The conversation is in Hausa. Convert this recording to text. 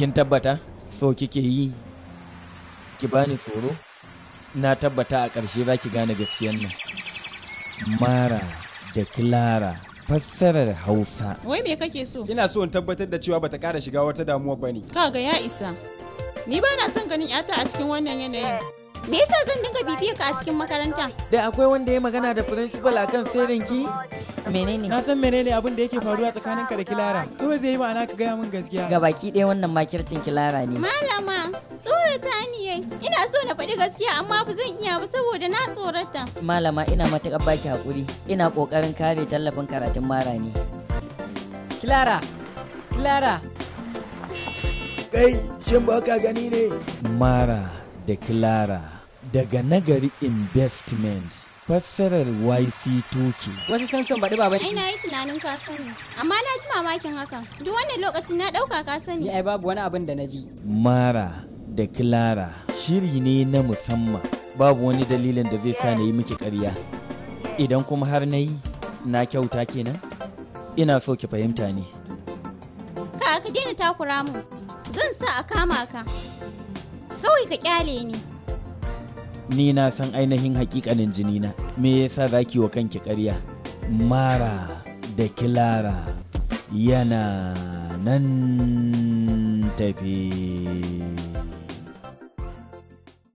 kin tabbata so kike yi ki bani tsoro na tabbata a ƙarshe za ki gane gaskiyan nan mara da kilara fassarar hausa wai me kake so ina so in tabbatar da cewa bata kara shiga wata damuwa bane kaga ya isa ni ba na son ganin 'yata a cikin wannan yanayin Me yasa zan dinga bibiyar ka a cikin makaranta? Da akwai wanda ya magana da principal akan sirrin ki? Menene? Na san menene abin da yake faruwa tsakanin ka da Kilara. Kawai zai yi ma'ana ka gaya min gaskiya. Ga baki ɗaya wannan makircin Kilara ne. Malama, tsorata ni Ina so na faɗi gaskiya amma ba zan iya ba saboda na tsorata. Malama ina matuƙar baki haƙuri. Ina ƙoƙarin kare tallafin karatun mara ne. Kilara! Kilara! Kai, shin ba ka gani ne? Mara da clara. daga nagari investment fassarar YC2 ke. Wasu san son baɗi baba. Ai na yi tunanin ka sani, amma na ji mamakin haka, Duk wannan lokacin na ɗauka ka sani. Ni ai babu wani abin da na ji. Mara da Kilara shiri ne na musamman. Babu wani dalilin da zai sa na yi miki karya, Idan kuma har na yi, na kyauta kenan? Ina so ki fahimta ne. Ka ka daina takura mu. Zan sa a kama ka. Kawai ka kyale ni. ni na san ainihin hakikanin jinina me yasa zaki wa kanki karya. mara da kilara yana nan tafi